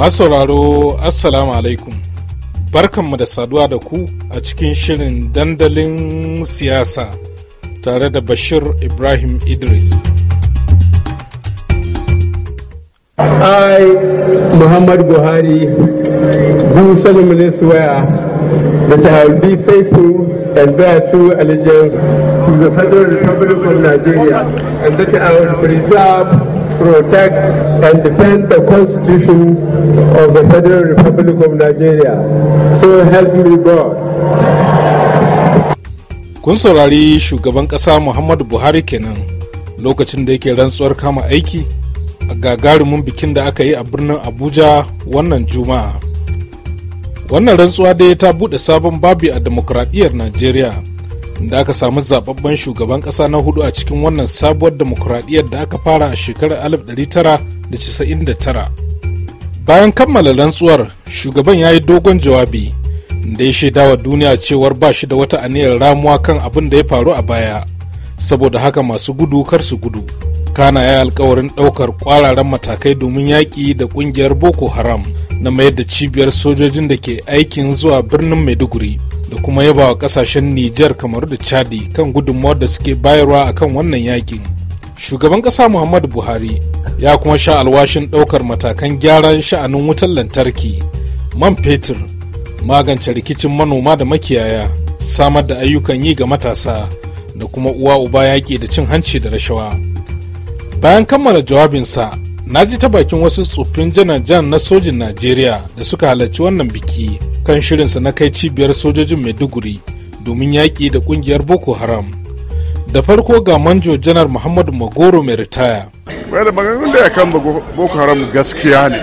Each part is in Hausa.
masauraro assalamu alaikum barkanmu da saduwa da ku a cikin shirin dandalin siyasa tare da bashir ibrahim idris i muhammad buhari do solemnly swear that i will be faithful and bear true allegiance to the federal republic of nigeria and that i will preserve protect and defend the Constitution of the Federal Republic of Nigeria. So help me God. Kun saurari shugaban ƙasa Muhammadu Buhari kenan lokacin da yake rantsuwar kama aiki a gagarumin bikin da aka yi a birnin Abuja wannan Juma'a. Wannan rantsuwa dai ta buɗe sabon babi a demokradiyyar Najeriya. da aka samu zababben shugaban kasa na hudu a cikin wannan sabuwar demokuraɗiyyar da aka fara a shekarar 1999 bayan kammala rantsuwar shugaban ya yi dogon jawabi da ya shaidawa duniya cewar ba shi da wata aniyar ramuwa kan abin da ya faru a baya saboda haka masu gudu kar su gudu kana ya alkawarin ɗaukar kwararen matakai domin yaƙi da ƙungiyar boko haram na mayar da cibiyar sojojin da ke aikin zuwa birnin maiduguri da kuma yaba wa kasashen Nijar kamar da Chadi kan gudunmawar da suke bayarwa a kan wannan yakin. Shugaban ƙasa Muhammadu Buhari ya kuma sha alwashin ɗaukar matakan gyaran sha'anin wutar lantarki, man fetur, magance rikicin manoma da makiyaya, samar da ayyukan yi ga matasa da kuma uwa uba yaƙi da cin hanci da rashawa. Bayan kammala jawabinsa, na ji ta bakin wasu tsoffin janar-jan na sojin Najeriya da suka halarci wannan biki. kan shirinsa na kai cibiyar sojojin maiduguri domin yaƙi da ƙungiyar boko haram da farko ga manjo janar muhammadu magoro mai ritaya mai da maganin da ya kan boko haram gaskiya ne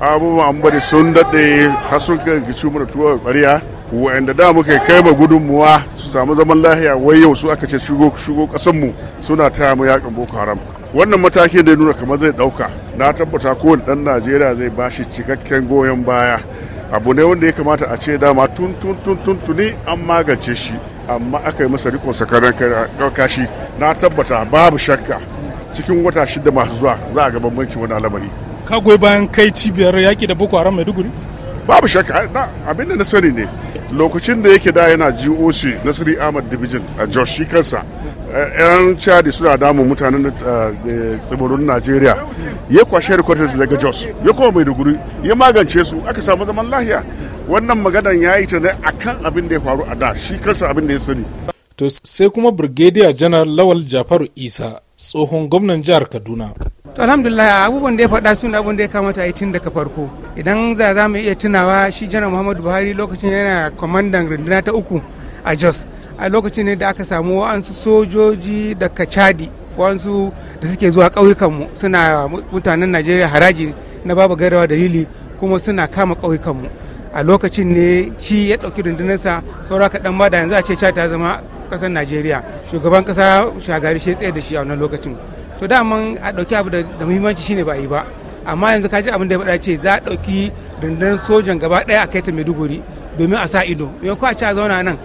abubuwan an bari sun daɗe har sun kai kici mana tuwa ɓarya wa'anda da muka kai ma gudunmuwa su samu zaman lahiya wai yau su aka ce shigo shigo ƙasanmu suna taya mu yaƙin boko haram wannan matakin da ya nuna kamar zai ɗauka na tabbata kowane ɗan najeriya zai bashi cikakken goyon baya abu ne wanda ya kamata a ce dama tun tun tun tun tuni an magance shi amma aka yi masa rikon sakarar kashi na tabbata babu shakka cikin wata shida masu zuwa za a ga bambanci wani alamari ka goyi bayan kai cibiyar yaƙi da boko haram maiduguri babu shakka abin da na sani ne lokacin da yake da yana goc nasiri ahmad division a jos shi kansa yan chadi suna damun mutanen eh, tsibirin najeriya ya kwashe da daga jos ya kuma duguri ya magance su aka samu zaman lahiya wannan maganar ya yi ta ne kan abin da ya faru a da shi kansa abin da ya sani to sai kuma brigadier janar lawal jafaru isa tsohon gwamnan jihar kaduna to alhamdulillah abubuwan da ya faɗa sun abin da ya kamata a yi tun daga farko idan za za mu iya tunawa shi janar muhammadu buhari lokacin yana kwamandan rundunar ta uku a jos a lokacin ne da aka samu wa'ansu sojoji daga chadi wa'ansu da suke zuwa ƙauyukanmu suna mutanen najeriya haraji na babu gairawa dalili kuma suna kama ƙauyukanmu a lokacin ne shi ya ɗauki rundunarsa saura kaɗan ba da yanzu a ce ta zama ƙasar najeriya shugaban ƙasa shagari shi tsaye da shi a wannan lokacin to daman a ɗauki abu da muhimmanci shine ba yi ba amma yanzu ka ji abin da ya faɗa ce za a ɗauki rundunar sojan gaba ɗaya a kai ta maiduguri domin a sa ido yau ko a ce a zauna nan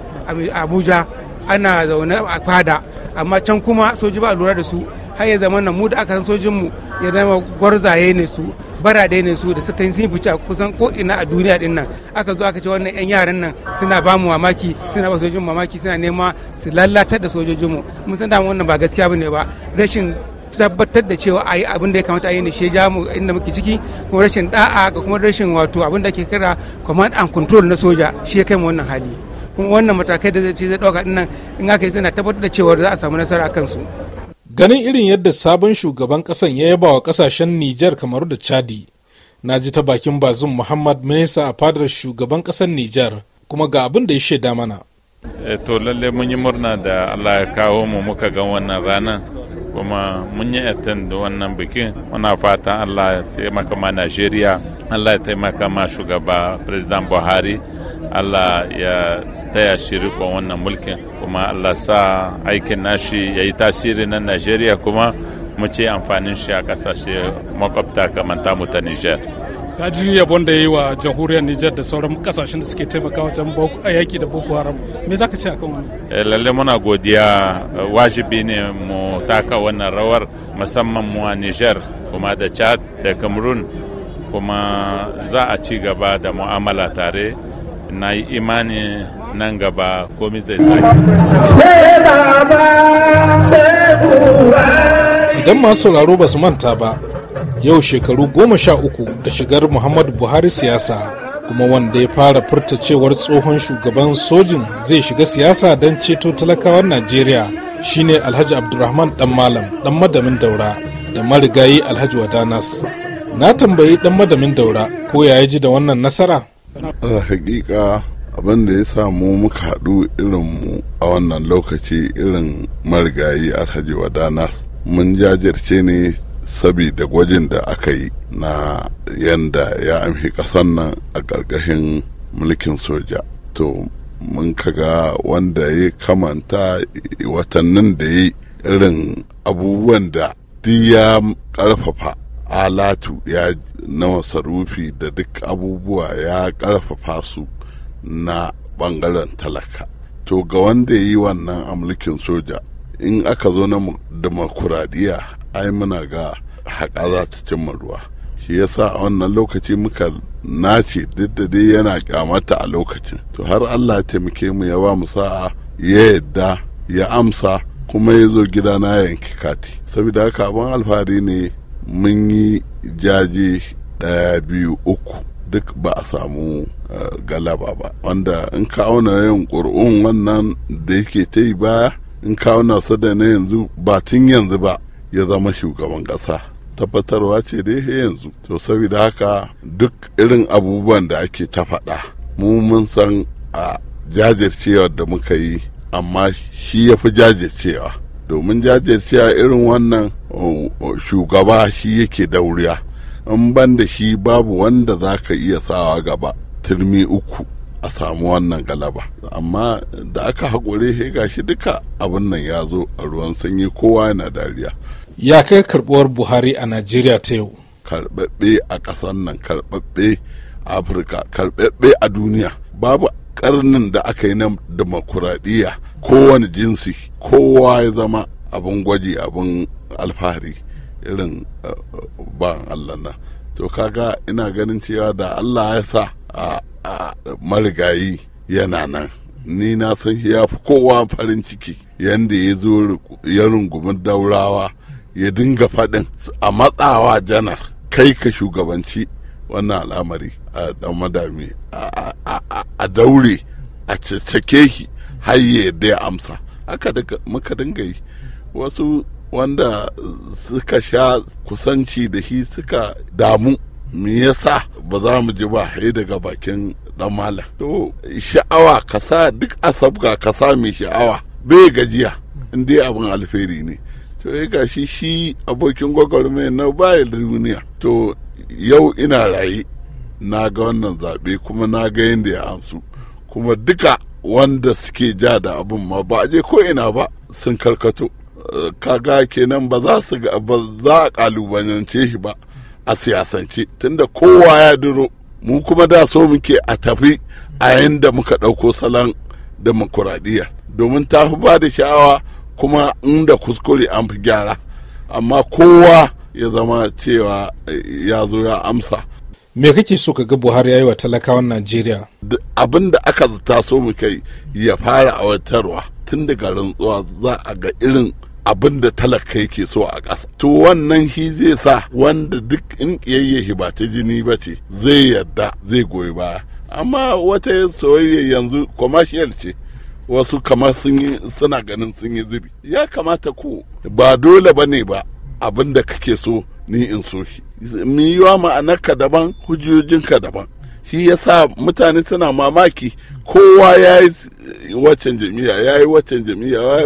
abuja ana zaune a fada amma can kuma soji ba lura da su har ya zama mu da aka san sojinmu ya zama gwarzaye ne su barade ne su da suka yi sun fice kusan ko ina a duniya din nan aka zo aka ce wannan yan yaran nan suna ba mu mamaki suna ba sojojin mamaki suna nema su lallatar da mu mun san dama wannan ba gaskiya bane ba rashin tabbatar da cewa ayi abin da ya kamata yi ne shi ja mu inda muke ciki kuma rashin da'a ga kuma rashin wato abin da ke kira command and control na soja shi ya kai mu wannan hali kuma wannan matakai da zai ce zai ɗauka dinnan in aka yi suna tabbatar da cewa za a samu nasara a kansu. ganin irin yadda sabon shugaban kasan ya yaba wa kasashen nijar kamar da chadi na ji ta bakin bazin muhammad minista a fadar shugaban kasan nijar kuma ga abin da ya shaida mana. Eh, to lalle mun yi murna da allah ya kawo mu muka ga wannan ranar kuma mun yi da wannan bikin muna fatan allah ya taimaka ma najeriya Allah ya taimaka ma shugaba President Buhari Allah ya taya shiri kwa wannan mulkin kuma Allah sa aikin nashi ya yi tasiri na Najeriya kuma mu ce amfanin shi a kasashe makwabta kamar tamu ta Nijar. Ka ji yabon da yi wa jamhuriyar Nijar da sauran kasashen da suke taimaka wajen yaki da Boko Haram. Me za ka ce akan wani? Eh, lalle muna godiya wajibi ne mu taka wannan rawar musamman mu a Nijar kuma da Chad da Cameroon kuma za a ci gaba da mu'amala tare na yi imani nan gaba komi zai sake. Idan masu sauraro ba su manta ba, yau shekaru goma sha uku da shigar Muhammadu Buhari siyasa kuma wanda ya fara furta cewar tsohon shugaban sojin zai shiga siyasa don ceto talakawan Najeriya shine Alhaji Abdulrahman Dan Malam Dan Madamin Daura da marigayi Alhaji Wadanas. na tambayi dan madamin daura ko ya ji da wannan nasara a hakika abin da ya samu muka haɗu irin mu a wannan lokaci irin marigayi alhaji wadana mun jajirce ne sabida gwajin da aka yi na yanda ya amshi ƙasan nan a ƙarƙashin mulkin soja to mun kaga wanda ya kamanta watannin da ya irin abubuwan da ya ƙarfafa alatu ya na masarufi da duk abubuwa ya ƙarfafa su na ɓangaren talaka to ga wanda yi wannan amlikin soja in aka zo na demokuraɗiyya ai muna ga haƙa za ta cimma ruwa shi yasa a wannan lokaci muka nace duk da dai yana kyamata a lokacin to har allah taimake mu ya ba mu sa'a ya yadda ya amsa kuma ya zo na yanki kati saboda haka abin alfahari ne mun yi jaje ɗaya biyu uku duk ba a samu eh, galaba ba wanda in auna yin ƙuri'un wannan da yake ta yi baya in auna su da na yanzu ba tun yanzu ba ya zama shugaban ƙasa tabbatarwa ce dai yanzu to saboda haka duk irin abubuwan da ake ta faɗa mu mun san a ah, jajircewa da muka yi amma shi ya fi jajircewa domin jajircewa irin wannan oh, oh, shugaba shi yake dauriya in ban da shi babu wanda za ka iya sawa gaba turmi uku a samu wannan galaba amma da aka haƙure shi gashi duka abin nan ya zo a ruwan sanyi kowa na dariya ya kai karɓuwar buhari a najeriya ta yau karɓaɓɓe a ƙasar nan karɓaɓɓe afirka karɓaɓɓe a duniya babu karnin da aka yi na demokuraɗiyya kowane jinsi kowa ya zama abin gwaji abin alfahari irin eh, eh, ban allah na to kaga ina ganin cewa da allah ya sa a marigayi yana nan ni na san ya fi kowa farin ciki yadda ya zo ya rungumin daurawa ya dinga faɗin a matsawa janar kai ka shugabanci wannan al'amari a dan a daure a cece shi har ya da amsa haka muka dinga yi wasu wanda suka sha kusanci da shi suka damu me yasa ba za mu ji ba sai daga bakin dan malam to sha'awa kasa duk asabga kasa mai sha'awa bai gajiya in dai abin alferi ne to ya gashi shi abokin gwagwarmai na bayan duniya to yau ina rayu na ga wannan zaɓe kuma na ga yadda ya amsu kuma duka wanda suke ja da abin ma ba a je ko ina ba sun karkato eh, kaga kenan ba za su ga ba za a kalubalance shi ba a siyasance tunda kowa ya duro mu kuma da so muke a tafi a yanda muka ɗauko salon demokuraɗiyya domin ta fi ba da sha'awa kuma inda kuskure an fi gyara amma kowa ya zama cewa ya zo ya amsa me kake so ka ga buhari ya yi wa talakawan najeriya abin da aka taso so mu kai ya fara watarwa tun daga rantsuwa za a ga irin abin da talaka yake so a ƙasa to wannan shi zai sa wanda duk in ƙiyayye ba ta jini ba ce zai yarda zai goyi ba. amma wata soyayya yanzu commercial ce wasu kamar suna ganin sun yi zubi ya kamata ku ba dole ba ne ba abin da kake so ni in so shi mi yiwa ma'anarka daban hujjojinka daban shi yasa mutane suna mamaki kowa ya yi waccan jami'a ya yi waccan jami'a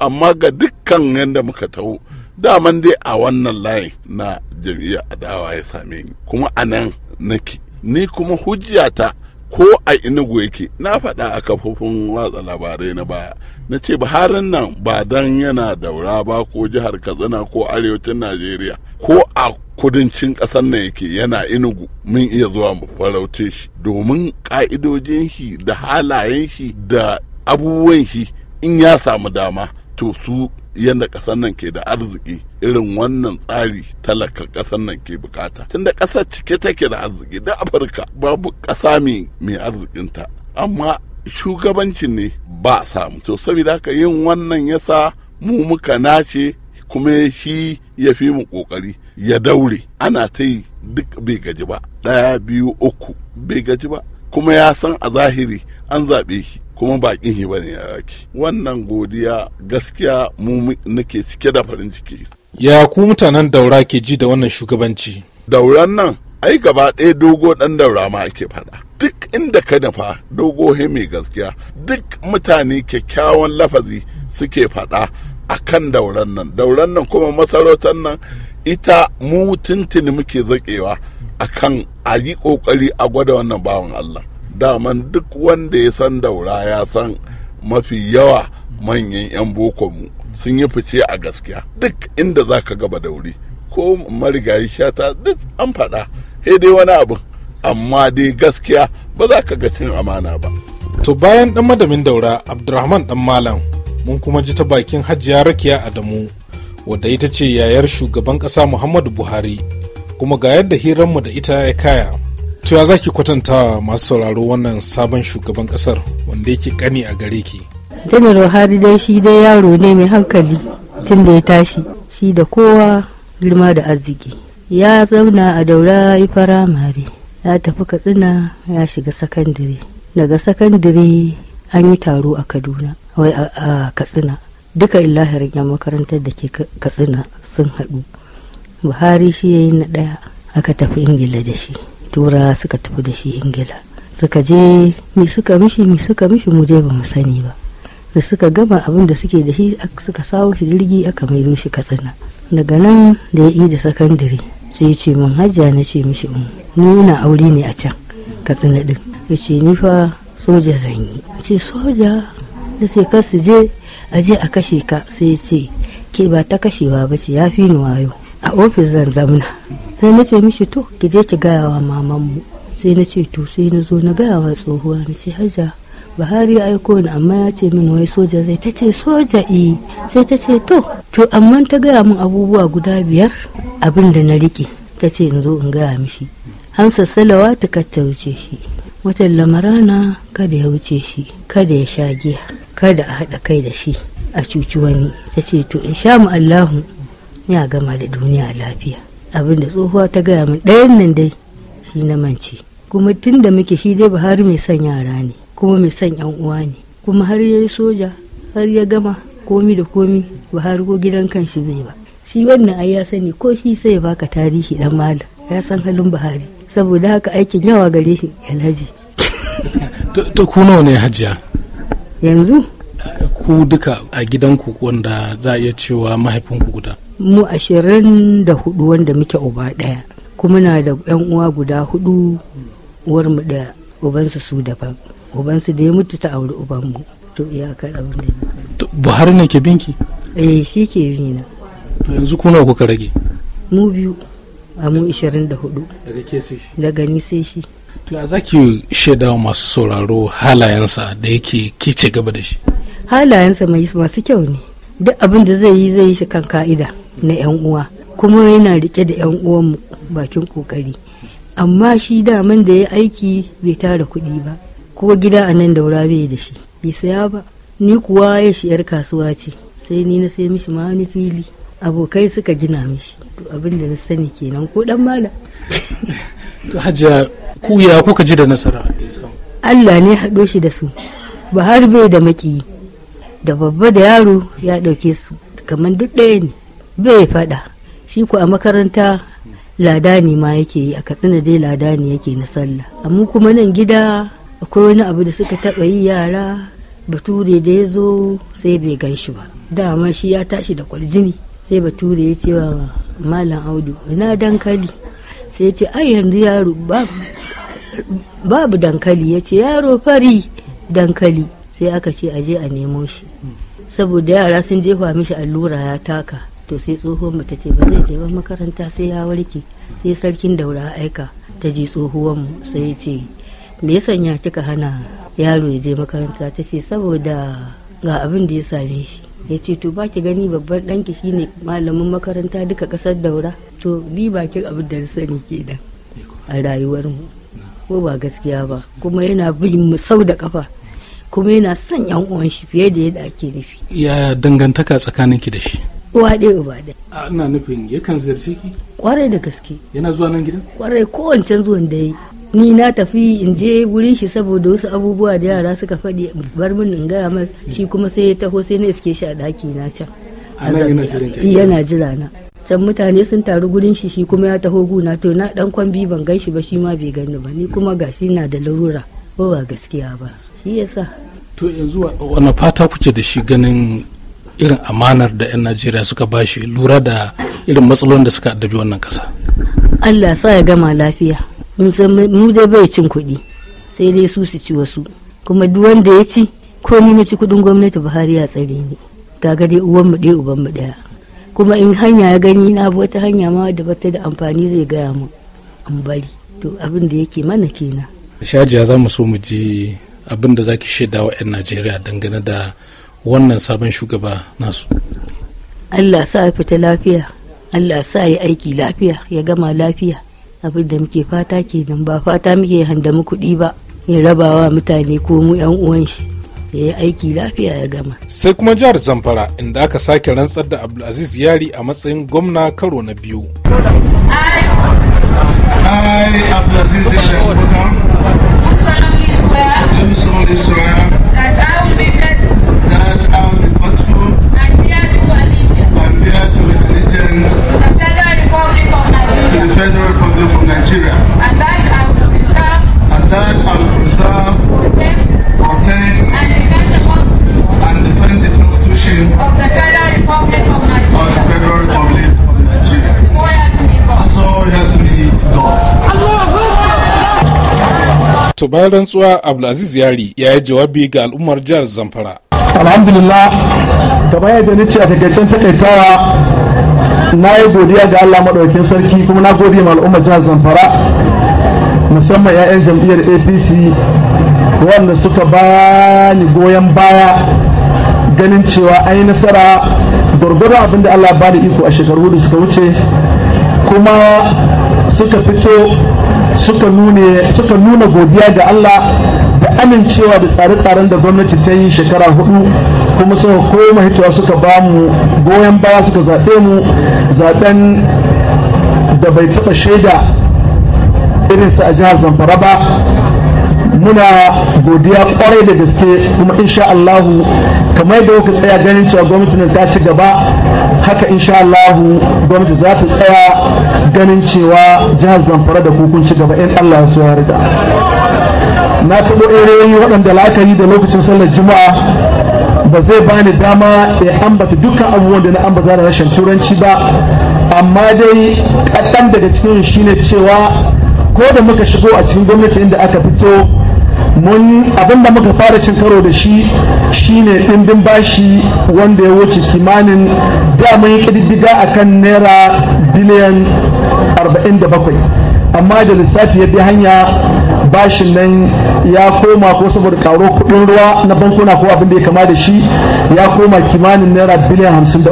amma ga dukkan yadda muka taho daman dai a wannan layin na jami'a adawa ya same ni kuma a nan nake ni kuma hujjata ko a inugu yake na faɗa a kafofin watsa labarai na baya na ce buharin nan ba dan yana daura ba ko jihar katsina ko arewacin najeriya ko a kudancin ƙasar nan yake yana inugu mun iya zuwa mu farauce shi domin ƙa'idojin shi da halayen shi da abubuwan shi in ya samu dama to su yadda ƙasar nan ke da arziki irin wannan tsari talaka ƙasar nan ke bukata tunda ƙasar cike take da arziki da afirka babu ƙasa mai arzikinta amma shugabancin ne ba a samu to saboda haka yin wannan ya sa mu muka nace kuma shi ya fi mu kokari ya daure ana ta yi duk bai gaji ba ɗaya biyu uku bai gaji ba kuma ya san a zahiri an zaɓe shi kuma bakin shi bane yaki wannan godiya gaskiya mu nake cike da farin ciki ya ku mutanen daura ke ji da wannan shugabanci dauran nan ai gaba ɗaya dogo ɗan daura ma ake faɗa duk inda ka nufa dogo mai gaskiya duk mutane kyakkyawan lafazi suke faɗa a kan dauran nan dauran nan kuma masarautar nan ita mu tuntuni muke zaƙewa a kan a yi ƙoƙari a gwada wannan bawan Allah daman duk wanda ya san daura ya san mafi yawa manyan 'yan bokonmu sun yi fice a gaskiya duk inda za ka gaba dauri ko marigayi shata duk an faɗa dai wani abu amma dai gaskiya ba za ka ga cin amana ba to bayan dan madamin daura abdurrahman dan malam mun kuma ji ta bakin hajjiya rakiya adamu wadda ita ce yayar shugaban ƙasa muhammadu buhari kuma ga yadda hiranmu da ita ya kaya to ya zaki kwatanta masu sauraro wannan sabon shugaban kasar wanda yake kani a gare ki janar buhari dai shi dai yaro ne mai hankali tun da ya tashi shi da kowa girma da arziki ya zauna a daura firamare ya tafi katsina ya shiga sakandare daga sakandare an yi taro a kaduna wai a katsina duka illahirin yan makarantar da ke katsina sun haɗu buhari shi ya yi na ɗaya aka tafi ingila da shi tura suka tafi da shi ingila suka je mi suka mishi mi suka mishi mu dai bamu sani ba da suka gama abin da suke da shi suka sawo shi jirgi aka mai shi katsina daga nan da ya yi da sakandare sai ce mun hajja na ce mishi mm, ni ina aure ne a can katsina din ya ce ni fa soja zan yi ce soja ya ce kar su je a je a kashe ka sai ya ce ke ba ta kashewa ba ce ya fi ni wayo a ofis zan zamna sai na ce mishi to ki je ki gaya wa mamanmu sai na ce to sai na zo na gaya wa tsohuwa na ce haja buhari ya aiko ni amma ya ce min wai soja zai ta ce soja e sai ta ce to to amma ta gaya min abubuwa guda biyar abin da na rike ta ce in zo in gaya mishi hamsa salawa ta kata wuce shi watan lamarana kada ya wuce shi kada ya sha giya kada a haɗa kai da shi a cuci wani ta ce to in sha mu allahu ya gama da duniya lafiya abin da tsohuwa ta gaya min ɗayan nan dai shi na mance kuma tun da muke shi dai buhari mai son yara ne kuma mai son yan uwa ne kuma har ya soja har ya gama komi da komi buhari ko gidan kan shi bai ba shi wannan ai ya sani ko shi sai ya baka tarihi dan malam ya san halin buhari saboda haka aikin yawa gare shi alhaji to ku nawa ne hajiya yanzu ku duka a gidanku wanda za a iya cewa mahaifinku guda mu ashirin da hudu wanda muke uba ɗaya kuma na da yan uwa guda hudu uwar mu da ubansu su daban ubansu da ya mutu ta auri ubanmu to iyakar abin da ya buhari ne ke binki eh shi ke rina yanzu kuna kuka rage mu biyu a mu 24 daga ke sai daga ni sai shi to a zaki shaida masu sauraro halayensa da yake kice gaba da shi halayensa mai masu kyau ne duk abin da zai yi zai yi shi kan ka'ida na 'yan uwa kuma yana rike da 'yan uwanmu bakin kokari amma shi daman da ya aiki bai tara kuɗi ba ko gida a nan daura bai da shi bai saya ba ni kuwa ya shi 'yar kasuwa ce sai ni na sai mishi ma wani fili abokai suka gina mishi to abin da na sani kenan ko dan mala to hajiya ku ya kuka ji da nasara Allah ne haɗo shi da su ba har bai da maki da babba da yaro ya ɗauke su kamar duk ɗaya ne bai faɗa shi ku a makaranta ne ma yake yi a katsina dai ne yake na sallah amma kuma nan gida akwai wani abu da suka taɓa yi yara bature da ya zo sai bai gan shi ba dama shi ya tashi da kwaljini sai bature ya ce wa malam audu na dankali sai ya ce ai yanzu yaro babu dankali ya ce yaro fari dankali sai aka ce aje a nemo shi saboda yara sun jefa mishi allura ya taka to sai tsohuwar mu ta ce ba zai je ba makaranta sai ya warke sai sarkin daura aika ta ji tsohuwar mu sai ce me yasa ya kika hana yaro ya je makaranta ta ce saboda ga abin da ya same shi ya ce to ba ki gani babban ɗanki shine malamin makaranta duka kasar daura to ni bakin abin da sani kenan a rayuwar mu ko ba gaskiya ba kuma yana bin mu sau da kafa kuma yana son yan uwan shi fiye da yadda ake nufi ya dangantaka tsakaninki da shi uwa ɗaya uba ɗaya. ina nufin kan ziyarce ki? kwarai da gaske. yana zuwa nan gidan? kwarai kowancan zuwan da yi. ni na tafi in je wurin shi saboda wasu abubuwa da yara suka faɗi bar min in gaya mai shi kuma sai ya taho sai na iske shi a ɗaki na can. yana jira na. can mutane sun taru gurin shi shi kuma ya taho guna to na ɗan kwambi ban gan shi ba shi ma bai gani ba ni kuma ga shi na da larura ko ba gaskiya ba shi yasa to yanzu wani fata kuke da shi ganin irin amanar da 'yan najeriya suka ba shi lura da irin matsalolin da suka addabi wannan kasa allah sa ya gama lafiya mu dai bai cin kuɗi sai dai su su ci wasu kuma duk wanda ya ci ko ni na ci kuɗin gwamnati buhari ya tsare ni kaga dai uwan mu ɗaya uban mu ɗaya kuma in hanya ya gani na wata hanya ma da bata da amfani zai gaya mu an bari to abin da yake mana kenan shajiya za mu so mu ji abin da zaki shaida wa 'yan najeriya dangane da wannan sabon shugaba nasu allah sa ya fita lafiya allah sa ya aiki lafiya ya gama lafiya abin da muke fata kenan ba fata muke handa muku kuɗi ba ya rabawa mutane ko mu yan uwan shi ya yi aiki lafiya ya gama. Sai kuma jihar Zamfara inda aka sake rantsar da Abdulaziz Yari a matsayin gwamna karo na biyu. Abdulaziz bayan rantsuwa abdulaziz yari ya yi jawabi ga al'ummar jihar zamfara alhamdulillah kamar yadda ni ce a takaicen takaitawa na yi godiya ga allah maɗaukin sarki kuma na gode ma al'ummar jihar zamfara musamman 'ya'yan jam'iyyar apc wanda suka ba ni goyon baya ganin cewa an yi nasara gwargwaro da allah ba da iko a shekaru da suka wuce kuma suka fito suka nuna godiya ga Allah da amincewa da tsare-tsaren da gwamnati ta yi shekara hudu kuma suka koma hitowa suka ba mu goyon baya suka zaɓe mu zaɓen da bai taɓa shaida irinsa a jihar zamfara ba muna godiya kwarai da gaske kuma insha Allahu kamar yadda kuka tsaya ganin cewa gwamnatin ta ci gaba haka insha Allah gwamnati za ta tsaya ganin cewa jihar Zamfara da kokun ci gaba in Allah ya so ya rida na taɓo irin waɗanda la'akari da lokacin sallar juma'a ba zai bani dama ya ambata dukkan abubuwan da na ambata da rashin turanci ba amma dai kaɗan daga cikin shine cewa ko da muka shigo a cikin gwamnati inda aka fito mun abinda muka fara cin karo da shi shine ɗimbin bashi wanda ya wuce kimanin da mun yi ƙididdiga a kan naira biliyan 47 amma da lissafi ya bi hanya bashin nan ya koma ko saboda karo kuɗin ruwa na bankuna ko abin da ya kama da shi ya koma kimanin naira biliyan 53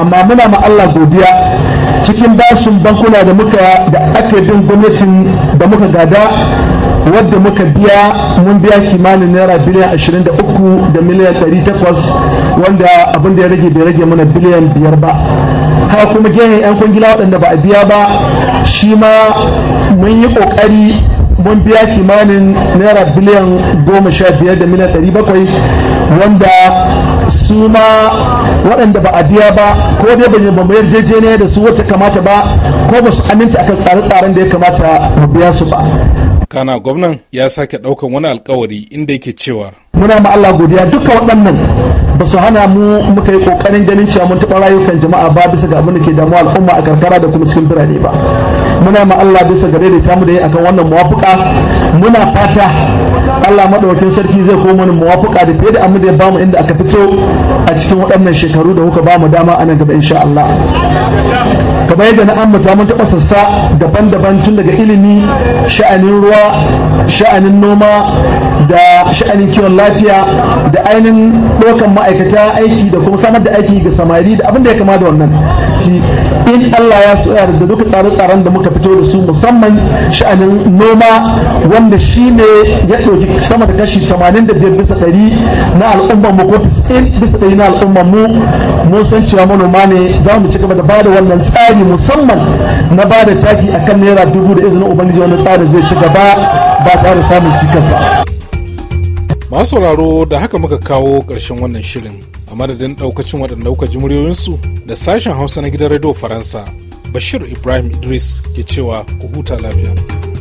amma muna ma Allah godiya cikin bashin bankuna da muka da aka bin gwamnatin da muka gada wadda muka biya mun biya kimanin naira biliyan 23 da miliyan 800 wanda abin da ya rage bai rage mana biliyan 5 ba haka kuma gehen 'yan kungila waɗanda ba a biya ba shi ma mun yi ƙoƙari mun biya kimanin naira biliyan 15 da miliyan 700 wanda su ma waɗanda ba a biya ba ko dai ba mu yarjejeniya da su wata kamata ba ko ba su aminta akan tsare-tsaren da ya kamata mu biya su ba Kana gwamnan ya sake ɗaukar wani alkawari inda yake cewa. Muna ma Allah godiya duka waɗannan ba su hana mu muka yi ƙoƙarin ganin cewa mun taɓa rayukan jama'a ba bisa ga abin da ke damuwa al'umma a karkara da kuma cikin birane ba. Muna ma Allah bisa ga daidaita mu da yi akan wannan muwafuka muna fata Allah madaukakin sarki zai koma mana muwafuka da fiye da amma da ya bamu inda aka fito a cikin waɗannan shekaru da muka bamu dama a nan gaba insha Allah. kamar yadda na ambata mun taɓa sassa daban-daban tun daga ilimi sha'anin ruwa sha'anin noma da sha'anin kiwon lafiya da ainihin ɗaukan ma'aikata aiki da kuma samar da aiki ga samari da abin da ya kama da wannan lokaci in Allah ya so yarda duka tsare-tsaren da muka fito da su musamman sha'anin noma wanda shi ne ya ɗauki sama da kashi 85 bisa ɗari na al'ummar mu ko 90 bisa ɗari na al'ummar mu mun san cewa manoma ne za mu ci gaba da bada wannan tsari musamman na bada taki akan naira dubu da izinin ubangiji wannan tsarin zai ci gaba ba tare da samun cikas ba. Masu sauraro da haka muka kawo ƙarshen wannan shirin a madadin daukacin waɗanda kuka ji muryoyinsu da sashen hausa na gidan radio faransa bashir ibrahim idris ke cewa ku huta lafiya